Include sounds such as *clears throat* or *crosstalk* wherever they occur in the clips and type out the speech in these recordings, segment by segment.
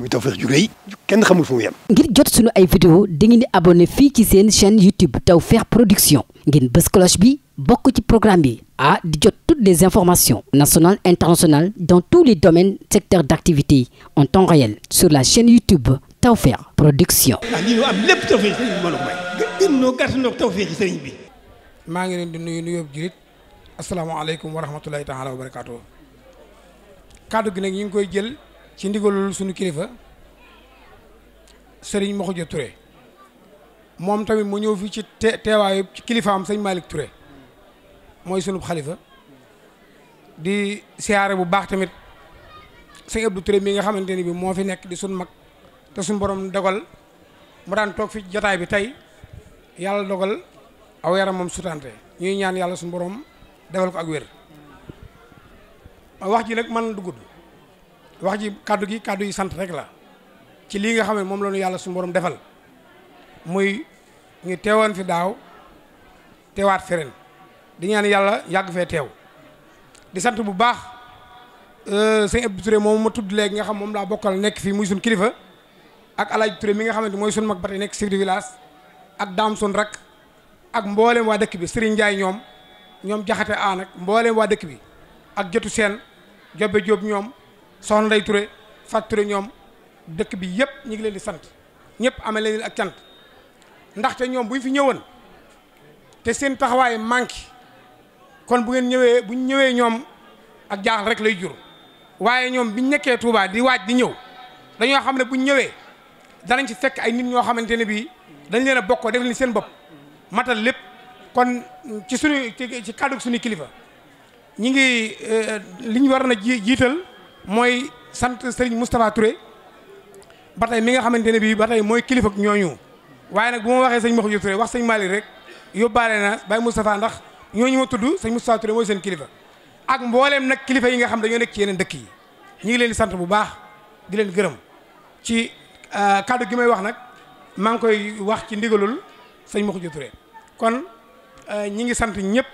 muy Tawfekh ju rëy kenn xamul fu mu ngir jot sunu ay vidéo dangeen di abonné fii ci seen chaîne YouTube Tawfekh Production ngeen bës cloche bi bokk ci programme bi a di jot toutes des informations national internationales dans tous les domaines secteurs d'activité en temps réel sur la chaîne YouTube Tawfekh Production. ah lii ñu am lépp Tawfekh sëriñ bi bi. maa ngi leen di nuyu nuyoo jurit asalaamaaleykum wa rahmatulahi taala wa barakaatu. kàddu gi nag ñu ngi koy ci ndigalul sunu kilifa sëriñ Maxuja Touré moom tamit mu ñëw fii ci teewaayu ci kilifaam sëñ Malick ture mooy sunub xalifa di siyaare bu baax tamit sëñ Abdou Touré mi nga xamante ni bi moo fi nekk di suñ mag te suñ borom dogal mu daan toog fi jotaay bi tey yàlla dogal aw moom sutante ñuy ñaan yàlla suñu borom defal ko ak wér wax ji nag man du gudd wax ji kàddu gi kàddu yi sant rek la ci lii nga xam ne moom la ñu yàlla suñu borom defal muy ñu teewaan fi daaw teewaat fi di ñaan yàlla yàgg fee teew di sant bu baax euh, sëñ Abdou Touré moom ma tudd léegi nga xam moom laa bokkal nekk fii muy suñ kilifa ak El Hadj Touré mi nga xamante mooy suñ mag ba nekk chef de village ak daam suñ rak ak mboolem waa dëkk bi Serigne Ndiaye ñoom ñoom jaxate aan ak waa dëkk bi ak jotu seen jobe joob ñoom soxna Ndeye Touré Fatou Touré ñoom dëkk bi yëpp ñu ngi leen di sant ñëpp amee leen ak cant ndaxte ñoom bu ñu fi ñëwoon te seen taxawaay manqué kon bu ngeen ñëwee bu ñëwee ñoom ak jaaxal rek lay jur waaye ñoom biñ nekkee Touba di waaj di ñëw dañoo xam ne buñ ñëwee danañ si fekk ay nit ñoo xamante ne bii dañ leen a bokkoo def leen seen bopp matal lépp kon ci suñu ci kàddu suñu kilifa euh, ñu ngi liñ war na jiital mooy sant Serigne Moustapha Touré ba tey mi nga xamante ne bii ba tey mooy kilifa ak ñooñu waaye nag bu ma waxee sëñ Makhoudia Touré wax sëñ Malick rek yóbbaale na Baye Moustapha ndax ñooñu ma tudd sëñ Moustapha Touré mooy seen kilifa ak mbooleem nag kilifa yi nga xam dañoo nekk ci yeneen dëkk yi ñu ngi leen di sant bu baax di leen gërëm ci euh, kàddu gi may wax nag maa ngi koy wax ci ndigalul sëñ Makhoudia Touré kon euh, ñi ngi sant ñëpp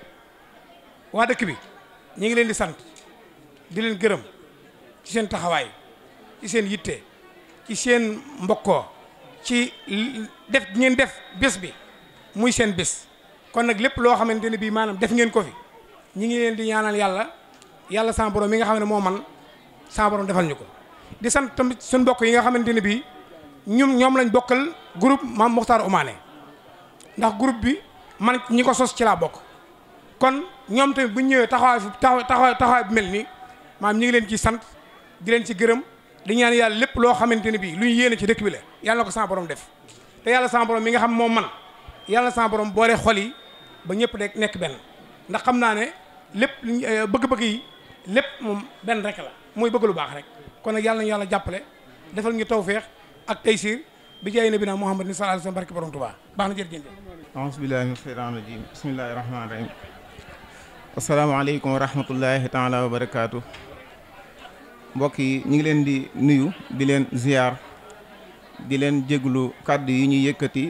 waa dëkk bi ñu ngi leen di sant di leen gërëm ci seen taxawaay ci seen yitte ci seen mbokkoo ci def ngeen def bés bi muy seen bés kon nag lépp loo xamante ne bii maanaam def ngeen ko fi ñi ngi leen di ñaanal yàlla yàlla sama borom mi nga xam ne moo man sama defal ñu ko di sant tamit suñ mbokk yi nga xamante ne bii ñum ñoom lañ bokkal groupe Mame Mokhtar Omané ndax groupe bi man ñi ko sos ci laa bokk kon ñoom tamit bu ñëwee taxawaay taxawaay taxawaay bu mel nii maam ñi ngi leen sant di leen ci gërëm di ñaan yàlla lépp loo xamante ne bii lu ñu yéene ci dëkk bi la yàlla ko sama borom def te yàlla sama borom mi nga xam moom man yàlla sama borom boole xol yi ba ñëpp de nekk benn ndax xam naa ne lépp euh, bëgg-bëgg yi lépp moom benn rek la mooy bëgg lu baax rek kon nag yàlla nañu yàlla jàppale defal ñu tawféex ak taysiir bi jaay nabi naa Muhammad ni sallallahu alayhi wasallam barke borom Tuubaa baax na jërëjëf. a'uuzu billaahi mina shaytaani rajiim bismillaahi rahmaani rahiim asalaamaaleykum wa rahmatullaahi taala wa barakaatu. mbokk yi ñu ngi leen di nuyu di leen ziyaar di leen jéglu kàddu yi ñuy yëkkati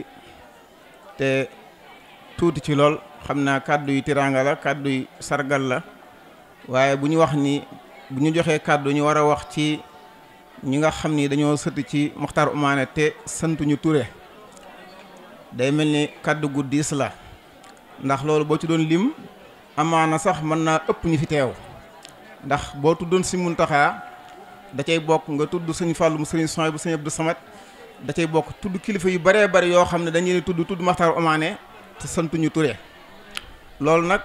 te tuuti ci lool xam naa kàddu yi tiraanga la kàddu yi sargal la waaye bu ñu wax ni bu ñu joxee kàddu ñu war a wax ci ñi nga xam ni dañoo sëti ci Mokhtar Omané te santuñu ture day mel ni kàddu gu diis la ndax loolu boo ci doon lim amaana sax mën naa ëpp ñu fi teew ndax boo tuddoon si da cay bokk nga tudd sëñ Fallum sëriñ Soy bu sëñ Abdou Samad da cay bokk tudd kilifa yu baree bari yoo xam ne dañuy tudd tudd Maxtaar Omaane te santuñu Touré loolu nag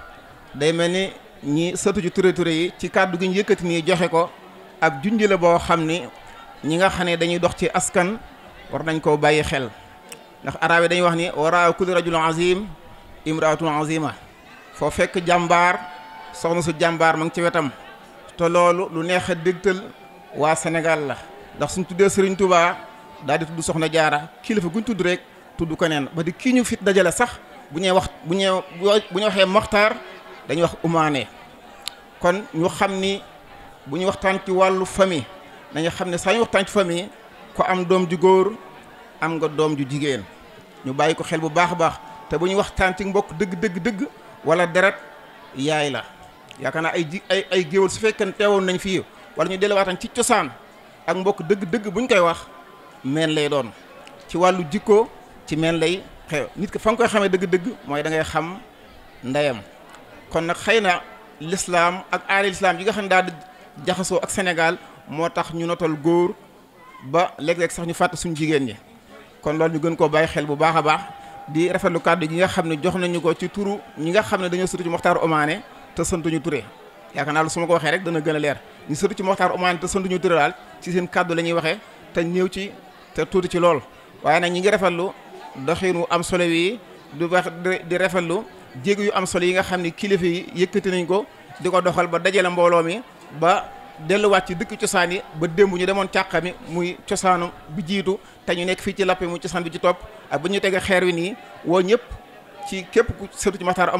day mel ni ñi sëtu ci Touré yi ci kàddu gi ñu yëkkati nii joxe ko ab junj boo xam ni ñi nga xam ne dañuy dox ci askan war nañ ko bàyyi xel ndax arab yi dañuy wax ni wara kulli rajul azim imraatun azima foo fekk jàmbaar soxna su jàmbaar ma ngi ci wetam te loolu lu neex a dégtal waa Sénégal la ndax suñ tuddee Serigne Touba daal di tudd Soxna Jaara kilifa ñu tudd rek tudd ko neen ba di kii ñu fit dajale sax bu ñuy wax bu ñuy bu ñu waxee Moxtaar dañuy wax umaane kon ñu xam ni bu ñu waxtaan ci wàllu famille nañu xam ne saa ñu waxtaan ci famille ko am doom ju góor am nga doom ju jigéen ñu bàyyi ko xel bu baax a baax te bu ñu waxtaan ci mbokk dëgg dëgg dëgg wala deret yaay la yaakaar naa ay ji ay ay géwal su fekkee teewoon nañ fii wala ñu delluwaatan ci cosaan ak mbokk dëgg-dëgg buñ koy wax meen lay doon ci wàllu jikko ci meen lay xew nit ko fa nga koy xamee dëgg-dëgg mooy da ngay xam ndeyam kon nag xëy na lislaam ak aari lislaam yi nga xam ne daal di jaxasoo ak Sénégal moo tax ñu notal góor ba léeg-léeg sax ñu fàtte suñu jigéen ñi kon loolu ñu gën koo bàyyi xel bu baax a baax di rafetlu kàddu gi nga xam ne jox nañu ko ci turu ñi nga xam ne dañoo sutu ci Moxtaar Omaane te santuñu yaakaar naa su ma ko waxee rek dana gën a leer ñu sëtu ci moxtaar omaan te sanduñu tëralaal ci seen kàddu la ñuy waxee te ñëw ci te tuuti ci lool waaye nag ñi ngi rafetlu doxinu am solo yi du wax di rafetlu jéego yu am solo yi nga xam ni kilifa yi yëkkati nañ ko di ko doxal ba dajale mbooloo mi ba delluwaat ci dikk cosaan yi ba démb ñu demoon càqami muy cosaanu bi jiitu te ñu nekk fii ci lappe muy cosaan bi ci topp ak bu ñu tege xeer wi nii woo ñëpp ci képp ku sëtu ci maxtaar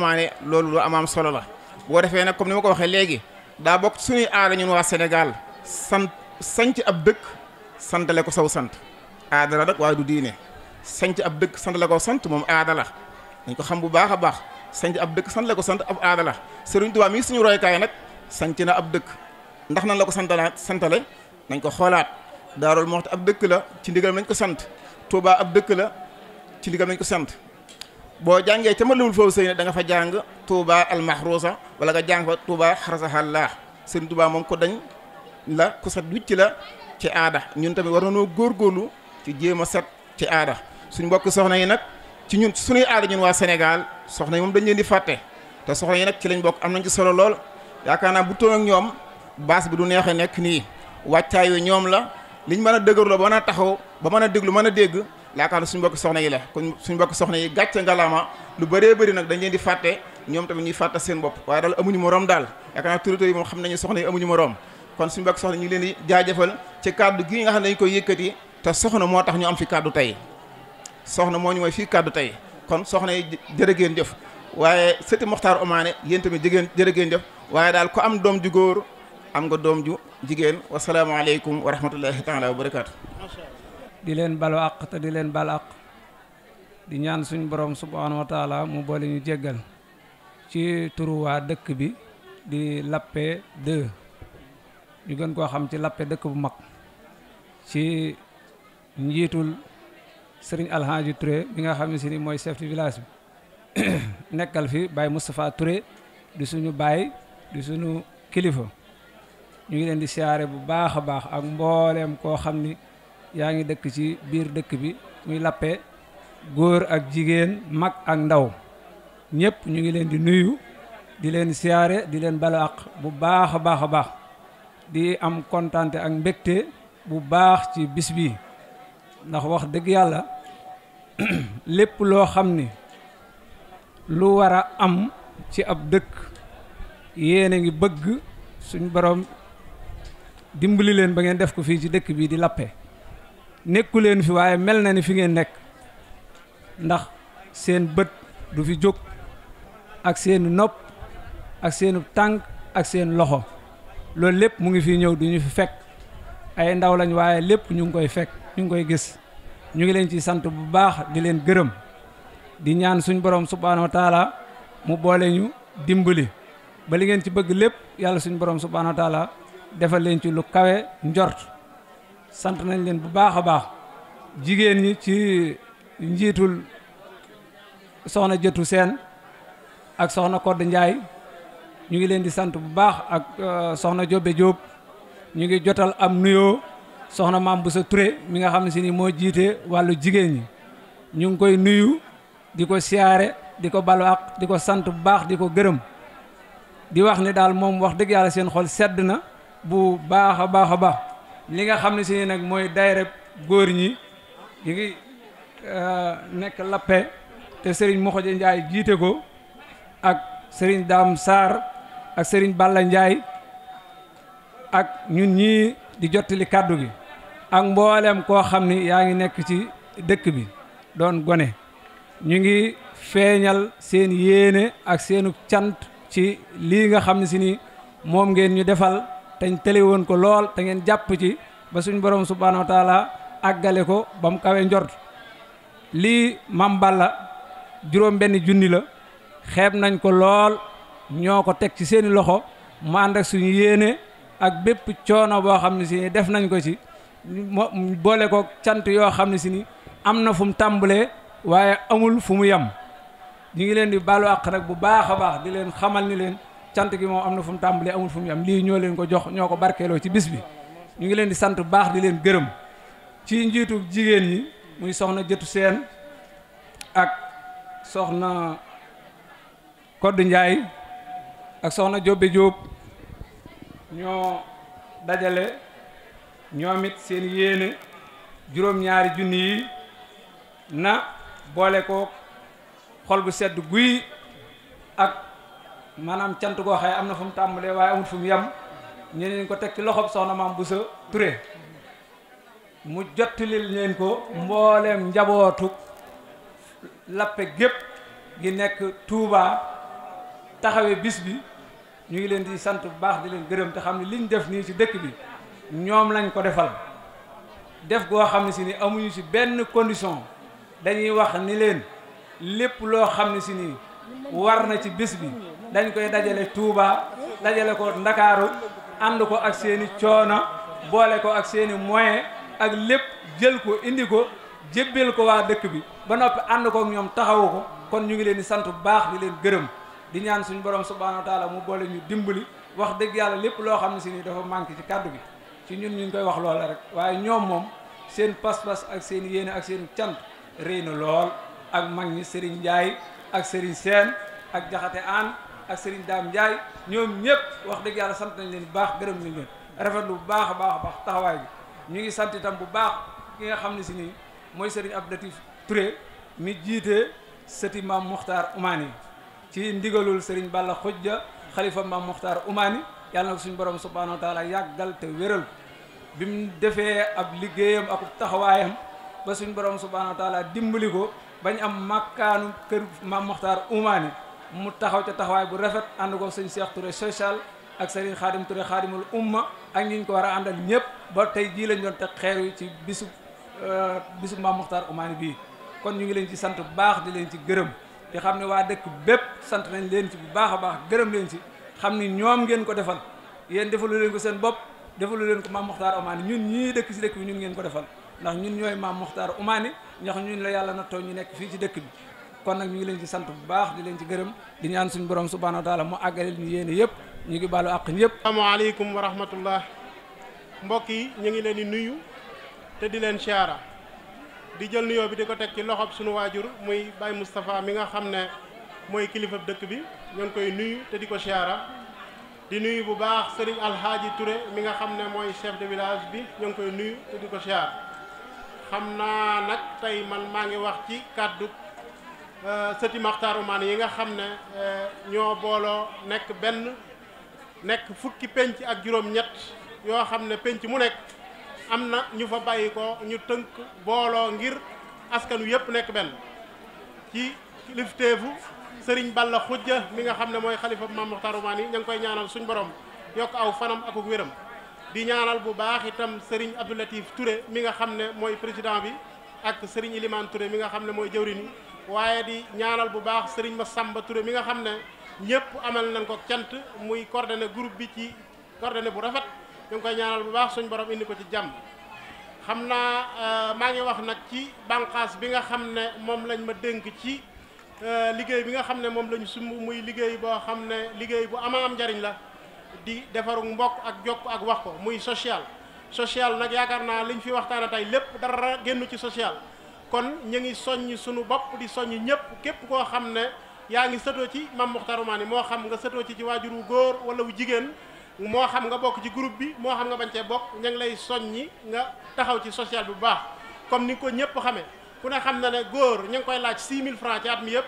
loolu lu amaam solo la boo defee nag comme ni ma ko waxee léegi daa bokk suñuy aada ñun waa Sénégal sant sanc ab dëkk santale ko saw sant aada nag waaye du diine sanc ab dëkk santale ko sant moom aada la ko xam bu baax a baax sanc ab dëkk santale ko sant ab aada la Sëriñ Tuubaa mii suñu roykaay nag sanc na ab dëkk ndax nan la ko santalaat santale nañ ko xoolaat Daarul Muxti ab dëkk la ci ndigal nañ ko sant Tuubaa ab dëkk la ci ndigal nañ ko sant boo jàngee ca ma Matlabul Fawzayni da nga fa jàng Touba al-Mahrousa wala nga jàng fa Touba xarasahallah sëriñ Touba moom ko dañ la ku set wicc la ci aada ñun tamit war góor góorlu ci jéem a set ci aada suñ mbokk soxna yi nag ci ñun suñuy aada ñun waa Sénégal soxna yi moom dañ leen di fàtte te soxna yi nag ci lañ bokk am nañ ci solo lool yaakaar naa bu toon ak ñoom baas bi du neex neexee nekk nii wàccaay wi ñoom la liñ mën a dëgër la ba mën a taxaw ba mën a déglu mën a dégg laakaar suñu mbokk soxna yi la kon suñu mbokk soxna yi gàcce ngalaama lu bëree bëri nag dañ leen di fàtte ñoom tamit ñuy fàtte seen bopp waaye daal amuñu moroom daal yaakaar naa turito yi moom xam nañu soxna yi amuñu moroom kon suñu mbokk soxna ñu ngi leen di jaajëfal ci kàddu gi nga xam ne dañ koy yëkkati te soxna moo tax ñu am fi kàddu tey soxna moo ñu mooy fii kàddu tey kon soxna yi jërë ngeen jëf waaye sëti Moxtaar Omaane yéen tamit jigéen jër ngeen jëf waaye daal ko am doom ju góor am nga doom ju jigéen wasalaamaaleykum wa rahmatullahi taala di leen balu te di leen bal di ñaan suñu borom subhaanahu wa mu boole ñu jéggal ci turu dëkk bi di Lappé 2 ñu gën koo xam ci Lappé dëkk bu mag ci njiitul sëriñ Alhaji Touré bi nga xam ne si ni mooy chef de village bi *coughs* nekkal fi Baye Moustapha Touré di suñu baay di suñu kilifa ñu ngi leen di siyaare bu baax a baax ak mbooleem koo xam ni yaa ngi dëkk ci biir dëkk bi muy lappe góor ak jigéen mag ak ndaw ñëpp ñu ngi leen di nuyu di leen siyaare di leen bala bu baax a baax a baax di am kontante ak mbégte bu baax ci bis bi ndax wax dëgg yàlla *clears throat* lépp loo xam ni lu war a am ci ab dëkk yéen a ngi bëgg suñu boroom dimbali leen ba ngeen def ko fii ci dëkk bii di lappe nekku leen fi waaye mel na ni fi ngeen nekk ndax seen bët du fi jóg ak seen nopp ak seen tànk ak seen loxo loolu lépp mu ngi fi ñëw duñu fi fekk ay ndaw lañ waaye lépp ñu ngi koy fekk ñu ngi koy gis ñu ngi leen ci sant bu baax di leen gërëm di ñaan suñu borom subhaanahu wa taala mu boole ñu dimbali ba li ngeen ci bëgg lépp yàlla suñu borom subhaanahu wa taala defal leen ci lu kawe njort sant nañ leen bu baax a baax jigéen ñi ci njiitul soxna jëtu seen ak soxna Kodd Njaay ñu ngi leen di sant bu baax ak euh, soxna Jobe Jóob ñu ngi jotal am nuyoo soxna maam bu sa Ture mi nga xam si ni moo jiite wàllu jigéen ñi ñu ngi koy nuyu di ko siyaare di ko balu di ko sant bu baax di ko gërëm di wax ni daal moom wax dëgg yàlla seen xol sedd na bu baax a baax li nga xam ne si nag mooy daayira góor ñi ñu ngi euh, nekk lappe te Serigne Moxoje Ndiaye jiite ko ak sëriñ Dame saar ak Serigne Balla Ndiaye ak ñun ñii di jottali kàddu gi ak mbooleem koo xam ni yaa ngi nekk ci dëkk bi doon gone ñu ngi feeñal seen yéene ak seenu cant ci lii nga xam ne si ni moom ngeen ñu defal teñ tële woon ko lool te ngeen jàpp ci ba suñ borom subhaanahu wa taala àggale ko ba mu kawe njort lii Mame Balla juróom benn junni la xeeb nañ ko lool ñoo ko teg ci seeni loxo mu ànd ak suñu yéene ak bépp coono boo xam ne si def nañ ko ci mu boole ko cant yoo xam ne si ni am na fu mu tàmbalee waaye amul fu mu yem ñu ngi leen di baalu rek bu baax a baax di leen xamal ni leen cant gi moom am na fu mu tàmbalee amul fu mu yam lii ñoo leen ko jox ñoo ko barkeeloo ci bis bi ñu ngi leen di sant bu baax di leen gërëm ci njiitu jigéen ñi muy soxna jëtu seen ak soxna koddu njaay ak soxna jobbe jóob ñoo dajale ñoom seen yéene juróom-ñaari junni yi na boole ko xol bu sedd guy ak maanaam cant goo xëye am na fu mu tàmbalee waaye amul fu mu yem ñu ko teg ci loxob soxna maam bu sa Touré mu jottilil leen ko mbooleem njabootu lappe gépp gi nekk Touba taxawe bis bi ñu ngi leen di sant bu baax di leen gërëm te xam ne liñ def nii ci dëkk bi ñoom lañ ko defal def goo xam ne si ni amuñu si benn condition dañuy wax ni leen lépp loo xam ne si ni war na ci bis bi dañ koy dajale Touba dajale ko Ndakaaru ànd ko ak seeni coono boole ko ak seeni moyen ak lépp jël ko indi ko jébbal ko waa dëkk bi ba noppi ànd ko ak ñoom taxawu ko kon ñu ngi leen di sant bu baax di leen gërëm di ñaan suñu borom subhaanahu wa taala mu boole ñu dimbali wax dëgg yàlla lépp loo xam ne si ni dafa manqué ci kàddu gi ci ñun ñu ngi koy wax loola rek waaye ñoom moom seen pas-pas ak seeni yéene ak seen cant rëy na lool ak mag ñi Serigne Ndiaye ak Serigne Sène ak Jaxate Aan ak Serigne Dame Ndiaye ñoom ñëpp wax dëgg yàlla sant nañ leen bu baax gërëm nañ leen rafetlu bu baax a baax a baax taxawaay bi ñu ngi sant itam bu baax ki nga xam ne si nii mooy Serigne ab dati Touré mi jiite sëti maam moxtaar Oumani ci ndigalul Serigne Balla Xujja xalifa maam Mokhtar Oumani yàlla na ko suñu borom subhanahu wa taala yàggal te wéral bi mu defee ab liggéeyam ak taxawaayam ba suñ borom subhanahu wa taala dimbali ko bañ am màkkaanu kër maam Mokhtar Oumani mu taxaw ca taxawaay bu rafet ànd ko sëñ Cheikh Touré social ak sëriñ Xaadim Touré xaadimul umma ak ñi ñu ko war a àndal ñëpp ba tey jii lañ doon teg xeer wi ci bisub euh, bisub Maam Muxtaar Umaani bii kon ñu ngi leen ci sant bu baax di leen ci gërëm di xam ne waa dëkk bépp sant nañ leen ci bu baax a baax gërëm leen ci xam ni ñoom ngeen ko defal yéen defalu leen ko seen bopp defalu leen ko Maam Muxtaar Umaani ñun ñii dëkk si dëkk bi ñun ngeen ko defal ndax ñun ñooy Maam Muxtaar Umaani ndax ñun la yàlla nattoo ñu nekk fii ci dëkk bi kon nag ñu ngi leen ci sant bu baax di leen ci gërëm di ñaan suñu borom subhaanahu wa taala mu àggaleel ñu yéene yëpp ñu ngi baalu àq ñëpp. asalaamaaleykum wa rahmatullah mbokk yi ñu ngi leen di nuyu te di leen siyaara di jël nuyoo bi di ko teg ci loxob suñu waajur muy Baye Moustapha mi nga xam ne mooy kilifa dëkk bi ñoo ngi koy nuyu te di ko siyaara. di nuyu bu baax sëriñ alxaaji Touré mi nga xam ne mooy chef de village bi ñoo ngi koy nuyu te di ko siyaar xam naa nag tey man maa ngi wax ci kàddu Euh, sëti maxtaaru maan yi nga xam ne euh, ñoo booloo nekk benn nekk fukki penc ak juróom-ñett yoo xam ne penc mu nekk am na ñu fa bàyyi ko ñu tënk booloo ngir askanu wi yëpp nekk benn ci kilifteefu sëriñ Balla xujja mi nga xam ne mooy xalifa maam maxtaaru maan yi ña ngi koy ñaanal suñ borom yokk aw fanam akuk wéram di ñaanal bu baax itam sëriñ Abdou Latif mi nga xam ne mooy président bi ak sëriñ Ilimane Touré mi nga xam ne mooy jëwriñ yi waaye di ñaanal bu baax sëriñ Massamba Touré mi nga xam ne ñëpp amal nañ ko cant muy coordonné groupe bi ci coordonné bu rafet ñu ngi koy ñaanal bu baax suñ borom indi ko ci jàmm xam naa euh, maa ngi wax nag ci bànqaas bi nga xam ne moom lañ ma dénk ci euh, liggéey bi nga xam ne moom lañu sumb muy liggéey boo xam ne liggéey bu ama am njariñ la di defaru mbokk ak jokk ak wax ko muy social sociale nag yaakaar naa liñ fi waxtaana tey lépp dara génnu ci social kon ñu ngi soññ sunu bopp di soññ ñëpp képp koo xam ne yaa ngi sëtoo ci mam Muxtaru Maani moo xam nga sëtoo ci ci waajur wu góor wala wu jigéen moo xam nga bokk ci groupe bi moo xam nga bañ cee bokk ña ngi lay soññi nga taxaw ci social bu baax comme ni ko ñëpp xamee ku ne xam na ne góor ña ngi koy laaj 6000 francs ci at mi yëpp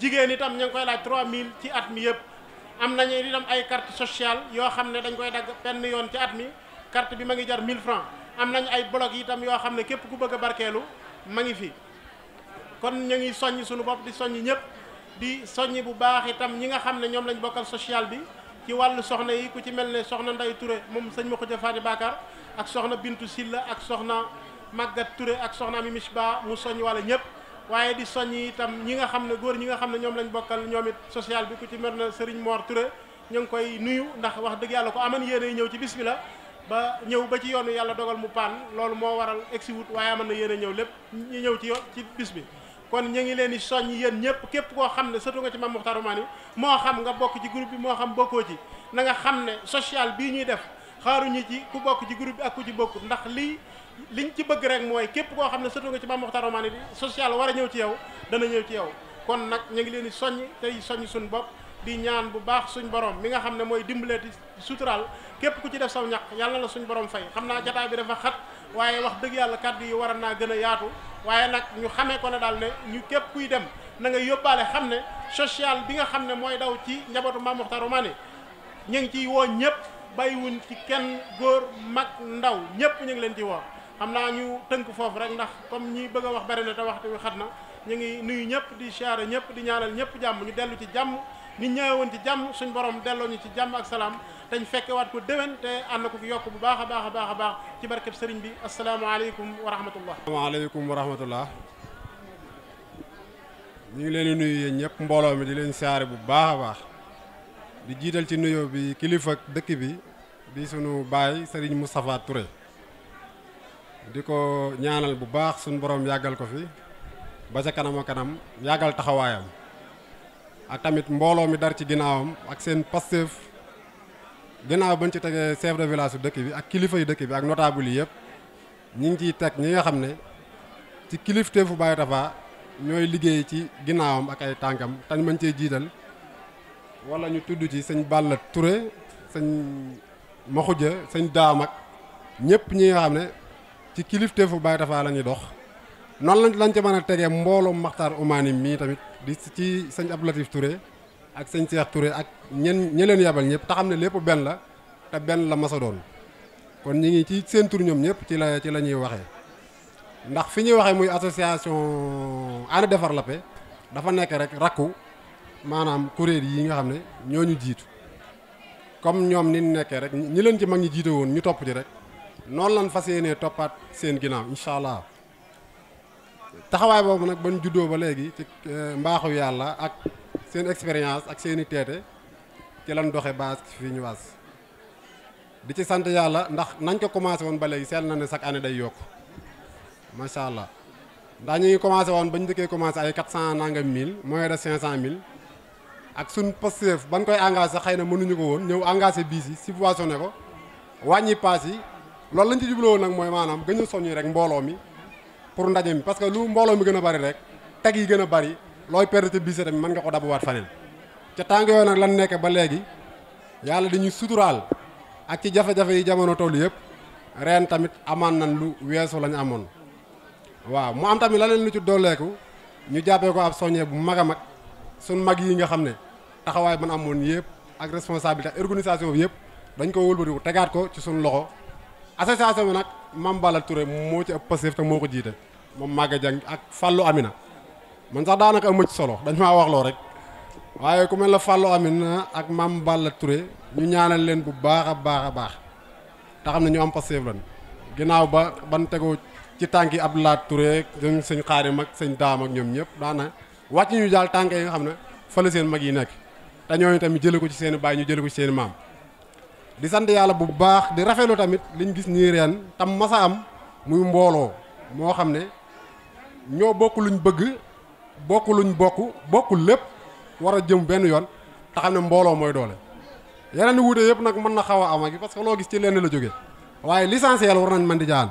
jigéen itam ña ngi koy laaj mille ci at mi yëpp am nañu itam ay carte sociale yoo xam ne dañ koy dagg benn yoon ci at mi carte bi ma ngi jar 1000 francs am nañ ay bloc itam yoo xam ne képp ku bëgg a barkeelu ma ngi fi kon ñu ngi soññ sunu bopp di soññ ñëpp di soññ bu baax itam ñi nga xam ne ñoom lañ bokkal social bi ci wàll soxna yi ku ci mel ne soxna Nday ture moom sëñ ma xuja Faati Bakar ak soxna Bintu Silla ak soxna Màggat Touré ak soxna Ami Misba mu soññ wala ñëpp waaye di soññ itam ñi nga xam ne góor ñi nga xam ne ñoom lañ bokkal ñoom it social bi ku ci mel na Serigne Mor Touré ñu ngi koy nuyu ndax wax dëgg yàlla ko aman yéene ñëw ci bis ba ñëw ba ci yoonu yàlla dogal mu paan loolu moo waral egsi wut waaye amoon na yéen a ñëw lépp ñu ñëw ci ci bis bi kon ñu ngi leen di soññ yéen ñëpp képp koo xam ne sëtu nga ci Mame Makhtar moo xam nga bokk ci groupe bi moo xam bokkoo ci na xam ne social bii ñuy def xaaruñu ci ku bokk ci groupe ak ku ci bokkut ndax lii liñ ci bëgg rek mooy képp koo xam ne sëtu nga ci Mame Makhtar Oumar yi war a ñëw ci yow dana ñëw ci yow kon nag ñu ngi leen di soññ tey soññ suñu bopp di ñaan bu baax suñ borom mi nga xam ne mooy dimbalati suturaal képp ku ci def saw ñaq yàlla la suñ boroom fay xam naa jataay bi dafa xat waaye wax dëgg yàlla kàddu yi waroon naa gën a yaatu waaye nag ñu xamee ko ne daal ne ñu képp kuy dem na nga yóbbaale xam ne social bi nga xam ne mooy daw ci njabootu Mame Makhtar Romane ñu ciy woo ñëpp bàyyiwuñ ci kenn góor mag ndaw ñëpp ñu ngi leen ci woo xam naa ñu tënk foofu rek ndax comme ñi bëgg a wax bari na te waxtu wi xat na ñu ngi nuyu ñëpp di siyaare ñëpp di ñaanal ñëpp jàmm ñu dellu ci jàmm ñu woon ci jàmm suñ borom delloo ñu ci jàmm ak salaam dañ fekke waat ko déwén te ànd ko fi yokk bu baax a baax a baax a baax ci barkeb sëriñ bi asalaamaaleykum wa rahmatullah asalaamaaleykum wa rahmatullah ñu ngi leen di nuyu yéen ñëpp mbooloo mi di leen saare bu baax a baax di jiital ci nuyoo bi kilifa dëkk bi bi suñu baay sëriñ Moustapha ture di ko ñaanal bu baax suñu boroom yàggal ko fi ba ca kanam a kanam yàggal taxawaayam ak tamit mbooloo mi dar ci ginnaawam ak seen Pastef ginnaaw bañ ci tegee chef de village su dëkk bi ak kilifa yu dëkk bi ak notable yi yëpp ñi ngi ciy teg ñi nga xam ne ci kilifteefu Baye Tafa ñooy liggéey ci ginnaawam ak tànkam tañ mañ cee jiital wala ñu tudd ci sëñ Balla Touré sëñ Maxuja sëñ Daam ñëpp ñi xam ne ci kilifteefu Baye Tafa la ñuy dox noonu lañ lañ ca mën a tegee mbooloo Maxtaar Umaani mii tamit di ci sëñ Abdou Latif ak sëñ Cheikh Touré ak ñen ñe leen yabal ñëpp te xam ne lépp benn la te benn la masa kon ñi ngi ci seen tur ñoom ñëpp ci la ci la ñuy waxee ndax fi ñuy waxee muy association ànd defar la dafa nekk rek rakku maanaam kuréel yi nga xam ne ñoo ñu jiitu comme ñoom ni nekkee rek ñi leen ci mag ñi jiite woon ñu topp ci rek noonu lan fa yéenee toppaat seen ginnaaw incha allah taxawaay boobu nag ban juddoo ba léegi ci eh, mbaaxu yàlla ak seen expérience ak seen i teete ci lan doxe baas fii ñu waas di ci sant yàlla ndax nañ ko commencé woon ba léegi seetlu na ne chaque année day yokk macha allah ndax ñu ngi commencé woon ba ñu njëkkee commencé ay quatre cent nangam mille moins de cinq cent mille ak suñ ba ban koy engagé xëy na mënuñu ko woon ñëw engagé biis yi subventionné ko wàññi paas yi loolu lañ ci jubloo nag mooy maanaam gën a soññi rek mbooloo mi pour ndaje mi parce que lu mbooloo mi gën a bari rek teg yi gën a bari looy perdre te biise tamit mën nga ko waat faneen ca tàng yooyu nag lan nekk ba léegi yàlla dañuy suturaal ak ci jafe-jafe yi jamono toll yëpp reen tamit amaan nan lu weesu lañ amoon waaw mu am tamit leneen lu ci dooleeku ñu jàppee ko ab soñee bu mag a mag suñ mag yi nga xam ne taxawaay man amoon yëpp ak responsabilité organisation bi yëpp dañ ko wëlbatiku tegaat ko ci suñu loxo association bi nag Mame Balla Touré moo ci ëpp passif te moo ko jiite moom Maguette Dieng ak Fallou Amina man sax daanaka amu ci solo dañ maa wax loo rek waaye ku mel ne Fallou Amina ak Mame Balla Touré ñu ñaanal leen bu baax a baax a baax te xam ne ñu am passif lan ginnaaw ba ban tegoo ci tànki Abdoulaye Touré ñoom sëñ Xaarim mag sëñ Daam ak ñoom ñëpp daana wàcc ñu daal tànk yi nga xam ne fële seen mag yi nekk te ñoo tamit jëlee ko ci seen i baay ñu jëlee ko ci seen di sant yàlla bu baax di rafetlu tamit liñ gis niireen tam masa am muy mbooloo moo xam ne ñoo bokk luñ bëgg bokk luñ bokk bokk lépp war a jëm benn yoon te ne mbooloo mooy doole yeneen wuute yëpp nag mën na xaw a am ak parce que loo gis ci lenn la jógee waaye l'essentiel war nañ mën di jaan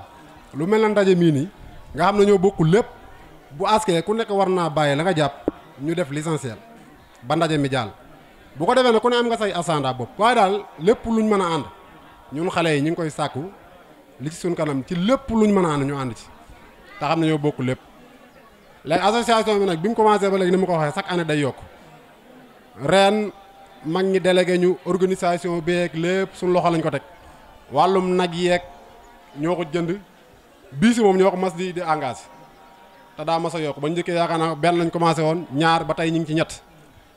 lu mel na ndaje mii nii nga xam ne ñoo bokk lépp bu askee ku nekk war naa bàyyi la nga jàpp ñu def l'essentiel ba ndaje mi jàll bu ko defee nag ku ne am nga say asanda bopp waaye daal lépp luñ mën a ànd ñun xale yi ñu ngi koy sàkku li ci suñ kanam ci lépp luñ mën a ànd ñu ànd ci te xam ne ñoo bokk lépp léegi association bi nag bi ñu commencé ba léegi ni ma ko waxee chaque année day yokk ren mag ñi délégué ñu organisation beeg lépp suñ loxo lañ ko teg wàllum nag yeeg ñoo ko jënd bii si moom ñoo ko mas di di engagé te daa mas a yokk ba njëkkee yaakaar naa benn lañ commencé woon ñaar ba tey ñu ci ñett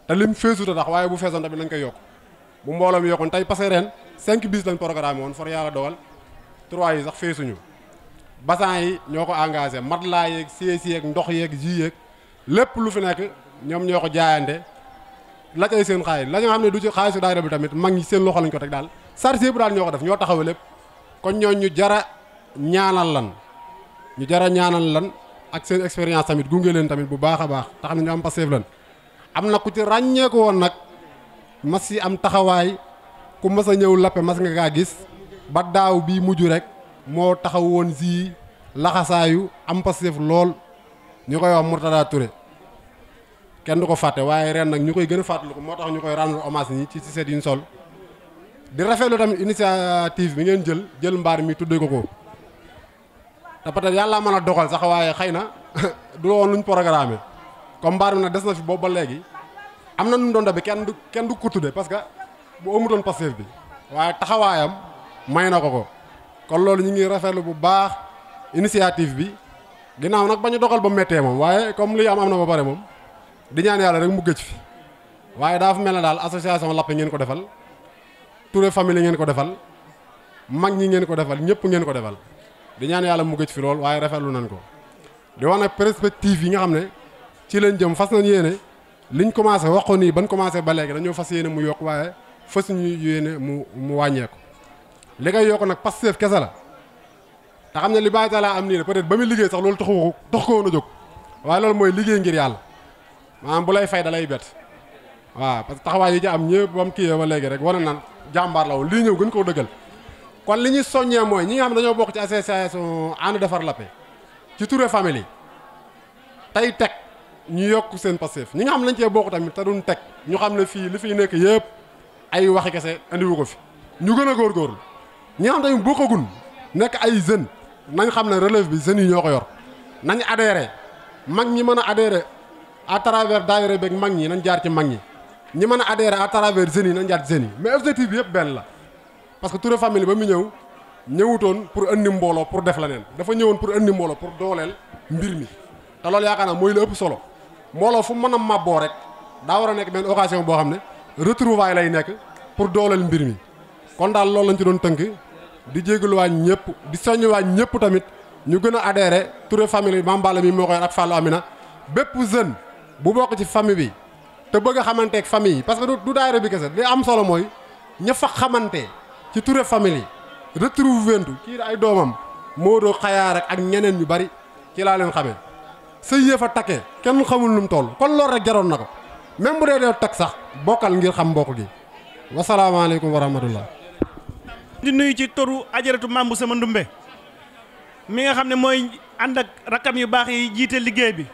te lim feesuta tax waaye bu feesoon tamit lañ koy yokk bu mbooloo mi yokkoon tey parce que ren cinq bis lañ programme woon far yàlla dogal trois yi sax feesuñu bassan yi ñoo ko engagé matelas yeeg siège yeeg ndox yeeg jus yéeg lépp lu fi nekk ñoom ñoo ko jaayante la cay seen xaalis la nga xam ne du ci xaalisu daayira bi tamit mag ñi seen loxo lañ ko teg daal chargé bu daal ñoo ko def ñoo taxaw lépp kon ñooñu ñu jara ñaanal lan ñu jara ñaanal lan ak seen expérience tamit gunge leen tamit bu baax a baax tax na ñu am passé lan am na ku ci ràññeeku woon nag mas yi am taxawaay ku mas a ñëw lappe mas nga kaa gis ba daaw bii mujj rek moo taxaw woon si laxasaayu am pasif lool ñu koy wax Mourtada Touré kenn du ko fàtte waaye ren nag ñu koy gën a ko moo tax ñu koy rendre hommage nii ci ci seet yuñ sol di rafetlu tamit initiative bi ngeen jël jël mbaar mi tuddee ko ko te peut-être yàlla mën a doxal sax waaye xëy na *laughs* du woon luñ programmé comme mbaar mi nag des na fi boobu ba léegi am na nu mu bi kenn du kenn du ko tudde parce que bu amutoon Pastef bi waaye taxawaayam may na ko ko kon loolu ñu ngi rafetlu bu baax initiative bi ginnaaw nag ba ñu doxal ba méttee moom waaye comme li am am na ba pare moom di ñaan yàlla rek mu gëj fi waaye daa fa mel ne daal association Lappé ngeen ko defal Touré famille ngeen ko defal mag ñi ngeen ko defal ñëpp ngeen ko defal di ñaan yàlla mu gëj fi lool waaye rafetlu nañ ko yi nga xam ne ci leen jëm fas nañ yéene liñ commencé wax ko nii ban commencé ba léegi dañoo fas yéene mu yokk waaye fas ñu yéene mu mu wàññeeku li koy yokk nag Pastef kese la te xam ne li bàyyi taalaa am nii ne peut ba muy liggéey sax loolu taxu ko tax ko a jóg waaye loolu mooy liggéey ngir yàlla maanaam bu lay fay da lay bett waaw parce que taxawaay yi ci am ñëpp ba mu kiiyee ba léegi rek wane na jàmbaar la woon lii ñëw gën koo dëggal kon li ñuy soññee mooy ñi nga xam dañoo bokk ci association ànd defar la paix ci Touré famille ñu yokk seen passif ñi nga xam ne lañ cee bokk tamit te duñ teg ñu xam ne fii li fiy nekk yëpp ay waxi kese andiwu ko fi ñu gën a góorgóorlu ñi nga xam tamit bokkagun nekk ay jeunes nañ xam ne relève bi jeunes yi ñoo ko yor nañ adhéré mag ñi mën a adhéré à travers daayira beeg mag ñi nañ jaar ci mag ñi ñi mën a adhéré à travers jeunes yi nañ jaar ci jeunes yi mais objectif bi yëpp benn la parce que Touré famille ba mu ñëw ñëwutoon pour andi mbooloo pour def la neen dafa ñëwoon pour andi mbooloo pour dooleel mbir mi te loolu yaakaar naa la ëpp solo mbooloo fu mën a màbboo rek daa war a nekk benn occasion boo xam ne retrouvaille lay nekk pour dooleel mbir mi kon daal loolu lañu ci doon tënk di jégaluwaat ñëpp di soññuwaat ñëpp tamit ñu gën a adhéré Touré famille Mambala mi moo koy am Fallou na bépp jeune bu bokk ci famille bi te bëgg a xamanteeg famille yi parce que du daayira bi kese li am solo mooy ña fa xamante ci Touré famille yi retrouventu kii ay doomam Modou Xayaar ak ñeneen yu bari ci laa leen xamee. sa fa a takkee kenn xamul lu mu toll kon loolu rek jaroon na ko même bu dee dee takk sax bokkal ngir xam mbokk gi wasalaamaaleykum wa rahmatullah di nuyu ci toru ajaratu mambu sama ndumbe mi nga xam ne mooy ànd ak rakam yu baax yi jiite liggéey bi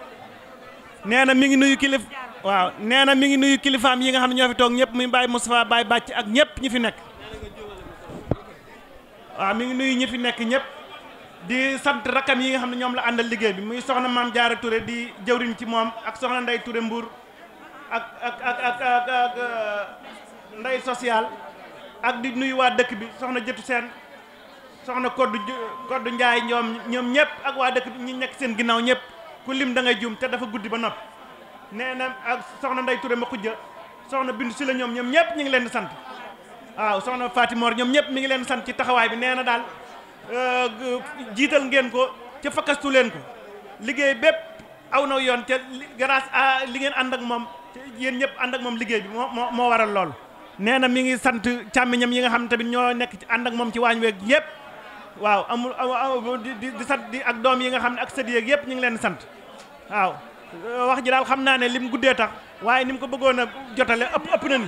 nee na mi ngi nuyu kilif waaw nee na mi ngi nuyu kilifaam yi nga xam ne ñoo fi toog ñëpp muy Baye Moustapha Baye Bàcc ak ñëpp ñi fi nekk waaw mi ngi nuyu ñi fi nekk ñëpp di sant rakam yi nga xam ne ñoom la àndal liggéey bi muy soxna maam Diarra Touré di jëwriñ ci moom ak soxna Ndeye ture Mbour ak ak ak ak ak uh, Ndeye social ak di nuyu waa dëkk bi soxna Jëtu Seen soxna Koddu Koddu Njaay ñoom ñoom ñëpp ak waa dëkk bi ñi nekk seen ginnaaw ñëpp ku lim da ngay juum te dafa guddi ba nopp nee na ak soxna ndey Touré ma xujja soxna Bindu si la ñoom ñoom ñëpp ñu ngi leen di sant waaw soxna Fatimor ñoom ñëpp mi ngi leen sant ci taxawaay bi nee na daal. Euh, jiital ngeen ko ci fakkastu leen ko liggéey bépp aw na yoon te grâce à li ngeen ànd ak moom yéen ñëpp ànd ak moom liggéey bi moo moo moo waral lool. nee na mi ngi sant càmmiñam yi nga xam tamit ñoo nekk ci ànd ak moom ci waañ weeg yëpp waaw amul di di sant di ak doom yi nga xam ne ak sët yeeg yëpp ñu ngi leen sant waaw. wax ji daal xam naa ne li lim guddee tax waaye ni mu ko bëggoon a jotale ëpp ëpp na ni.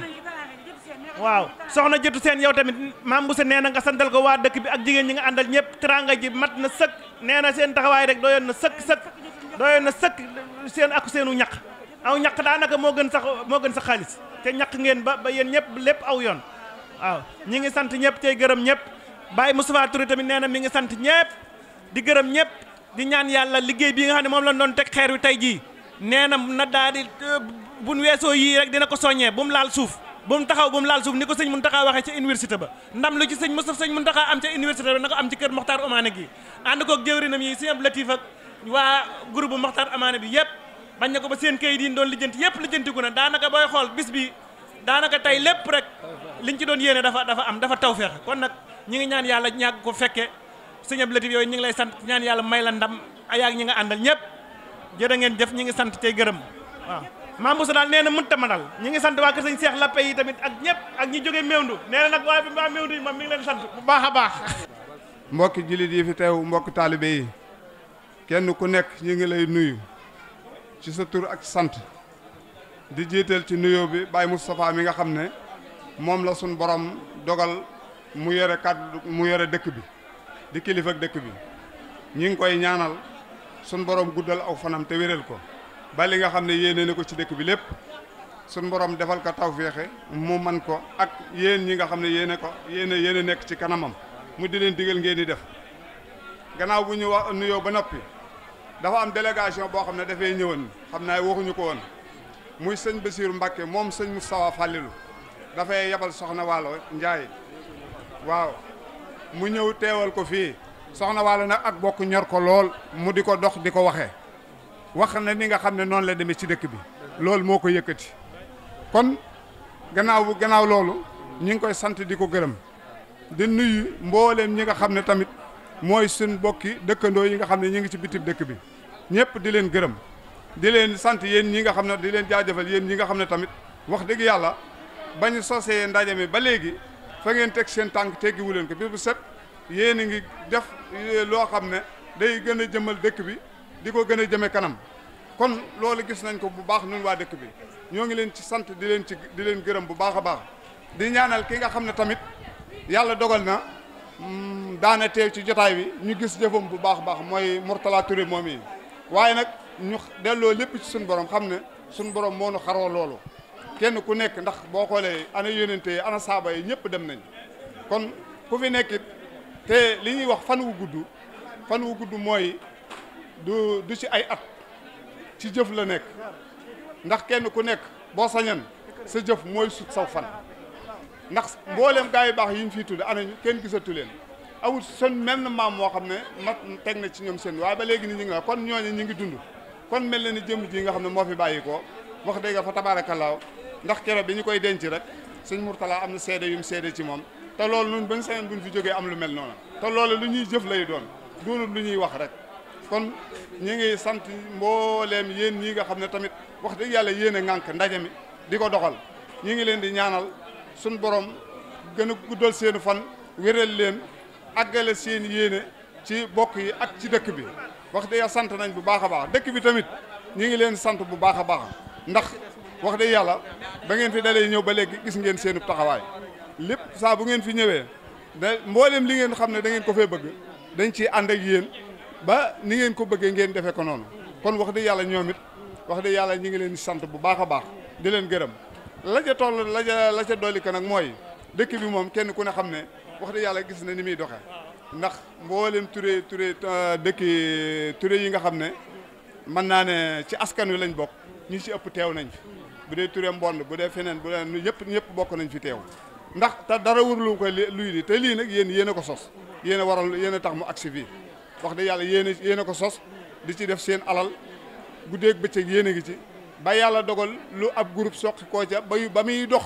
waaw soxna jëtu seen yow tamit maam bu sa nee na nga santal ko waa dëkk bi ak jigéen ñi nga àndal ñëpp teraanga ji mat na sëkk nee na seen taxawaay rek doyoon na sëkk sëkk doyoon na sëkk seen ak seenu ñaq aw ñaq daanaka moo gën sax moo gën sax xaalis te ñaq ngeen ba ba yéen ñëpp lépp aw yoon waaw ñi ngi sant ñëpp tey gërëm ñëpp Baye Moustapha Touré tamit nee na mi ngi sant ñëpp di gërëm ñëpp di ñaan yàlla liggéey bii nga xam ne moom lañ doon teg xeer wi nee na na daal di buñ weesoo yii rek dina ko soññee bu mu laal suuf bu mu taxaw bu mu laal suuf ni ko sëñ Muntaxa waxee ca université ba ndam lu ci sëñ Moustapha sëñ Muntaxa am ca université ba na ko am ci kër Moxtaar Amaane gi ànd koog jëwrinam yi sëñ Latif ak waa groupe bu Moxtaar Amaane bi yëpp bañ na ko ba seen kayit yi doon lijjanti yëpp lijjantiku na daanaka booy xool bis bi daanaka tey lépp rek liñ ci doon yéene dafa dafa am dafa tawféex kon nag ñi ngi ñaan yàlla ñàkk ko fekke sëñ Latif yooyu ñi ngi lay sant ñaan yàlla may la ndam ayaak ñi nga àndal ñëpp jërë ngeen jëf ñi ngi sant tey gërëm waaw maam Bousso daal nee na mënta ma dal ñi ngi sant waa kër sëñ Seex Lappe yi tamit ak ñëpp ak ñi jógee Mewndu nee na nag waaye bi waa Mewndu yi mi ngi leen sant bu baax a baax mbokki jullit yi fi teew mbokki taalibe yi kenn ku nekk ñu ngi lay nuyu ci sa tur ak sant di jiital ci nuyoo bi Baye Moustapha mi nga xam ne moom la suñ borom dogal mu yore kàddu mu yore dëkk bi di kilifa dëkk bi ñi ngi koy ñaanal sun borom guddal aw fanam te wéral ko ba li nga xam ne yéene na ko ci dëkk bi lépp suñ borom defal ko tawféexe mu man ko ak yéen ñi nga xam ne yéene ko yéene yéene nekk ci kanamam mu di leen digal ngeen di def gannaaw bu ñu wax nuyoo ba noppi dafa am délégation boo xam ne dafay ñëwoon xam naa waxuñu ko woon muy sëñ Basiiru Mbàkke moom sëñ sawa Fàllilu dafay yebal soxna Waalo Njaay waaw mu ñëw teewal ko fii soxna Waalo nag ak bokk ñor ko lool mu di ko dox di ko waxee wax na ni nga xam ne noonu la demee ci dëkk bi loolu moo ko yëkkati kon gannaaw bu gannaaw loolu ñu ngi koy sant di ko gërëm di nuyu mbooleem ñi nga xam ne tamit mooy suñ bokki dëkkandoo yi nga xam ne ñu ngi ci bitim dëkk bi ñëpp di leen gërëm di leen sant yéen ñi nga xam ne di leen jaajëfal yéen ñi nga xam ne tamit wax dëgg yàlla bañ sosee ndaje mi ba léegi fa ngeen teg seen tànk teggiwu leen ko bi bu set yéen a ngi def loo xam ne day gën a jëmal dëkk bi di ko gën a jëme kanam kon loolu gis nañ ko bu baax nun waa dëkk bi ñoo ngi leen ci sant di leen ci di leen gërëm bu baax a baax di ñaanal ki nga xam ne tamit yàlla dogal na mm, daana teew ci jotaay bi ñu gis jëfam bu baax a baax mooy Mourtala Touré moom yi waaye nag ñu delloo lépp ci suñ borom xam ne suñu borom moo nu xaroo loolu kenn ku nekk ndax boo xoolee ana yónente yi ana saaba yi ñëpp dem nañ kon ku fi nekkit te li ñuy wax fan wu gudd fan wu gudd mooy du du ci ay at ci jëf la nekk ndax kenn ku nekk boo sañan sa jëf mooy sut saw fan ndax mboolem gaa yu baax yi ñu fii tudd anañu kenn gisatu leen awut seen menn maam moo xam ne ma teg na ci ñoom seen waaye ba léegi ni ñu ngi kon ñooñu ñu ngi dund kon mel na ni jëmm jii nga xam ne moo fi bàyyi ko wax dëgg fa tabaarakallaaw ndax kero bi ñu koy denc rek sëñ Mourtala am na seede yu mu seede ci moom te loolu nun ñu sañan buñ fi jógee am lu mel noonu te loolu lu ñuy jëf lay doon doonul wax rek kon ñi ngi sant mbooleem yéen ñii nga xam ne tamit wax dëgg yàlla yéen a ŋànk ndaje mi di ko doxal ñi ngi leen di ñaanal sun borom gën a guddal seenu fan wéral leen àggale seen yéene ci bokk yi ak ci dëkk bi wax dëgg yàlla sant nañ bu baax a baax dëkk bi tamit ñi ngi leen sant bu baax a baax ndax wax dëgg yàlla ba ngeen fi dalee ñëw ba léegi gis ngeen seenu taxawaay lépp saa bu ngeen fi ñëwee da mbooleem li ngeen xam ne dangeen ko fee bëgg dañ ciy ànd ak yéen ba ni ngeen ko bëggee ngeen defee ko noonu kon wax di yàlla ñoom wax dëgg yàlla ñu ngi leen sant bu baax a baax di leen gërëm la ca toll la ca la ca dolli ko nag mooy dëkk bi moom kenn ku ne xam ne wax dëgg yàlla gis na ni muy doxee ndax mboolem turé turé euh, dëkki turé yi nga xam ne mën naa ne ci askan wi lañ bokk ñu ci ëpp teew nañ fi bu dee turé mbond bu dee feneen bu dee ñëpp ñëpp bokk nañ fi teew ndax te dara wurlu ko luy di te lii nag yéen yéen ko sos yéen a waral yéen tax mu agsi wax dëgg yàlla yéen yéen a ko sos di ci def seen alal guddeeg bëccëg yéen a ngi ci ba yàlla dogal lu ab groupe soqi koo ca ba yu ba muy dox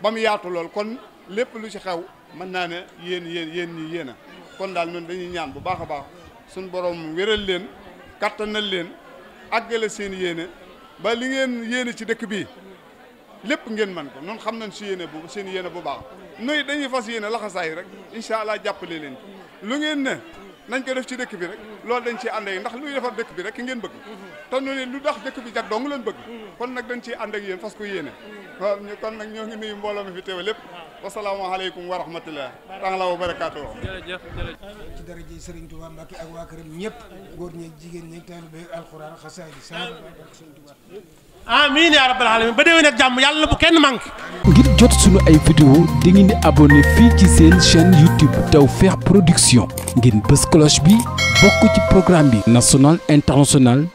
ba mu yaatu lool kon lépp lu ci xew mën naa ne yéen yéen yéen ñi yéen a kon daal noonu dañuy ñaan bu baax a baax suñ borom wéral leen kattanal leen àggale seen yéene ba li ngeen yéene ci dëkk bii lépp ngeen man ko noonu xam nañ si yéene bu seen yéene bu baax nuy dañuy fas yéene laxasaay rek incha allah jàppale leen nañ ko def ci dëkk bi rek loolu dañ ciy ànd ak ndax luy defar dëkk bi rek ki ngeen bëgg te ñu lu tax dëkk bi jag dong leen bëgg kon nag dañ ci ànd ak yéen fas ko yéene waaw kon nag ñoo ngi nuyu mbooloo mi fi teew lépp wasalaamaaleykum wa rahmatulah taala wa barakaatu jërëjëf jërëjëf ci dara ji Serigne Touba Mbacke ak waa këram ñëpp góor ñeeg jigéen ñeeg taalibe alxuraan xasaayid amiin yaa rabbal aalamiin ba déwén ak jàmm yàlla bu kenn manqué. ngir jot sunu ay vidéo di ngeen di abonné fii ci seen chaîne YouTube Tawfekh Production ngeen bës cloche bi bokk ci programme bi national international.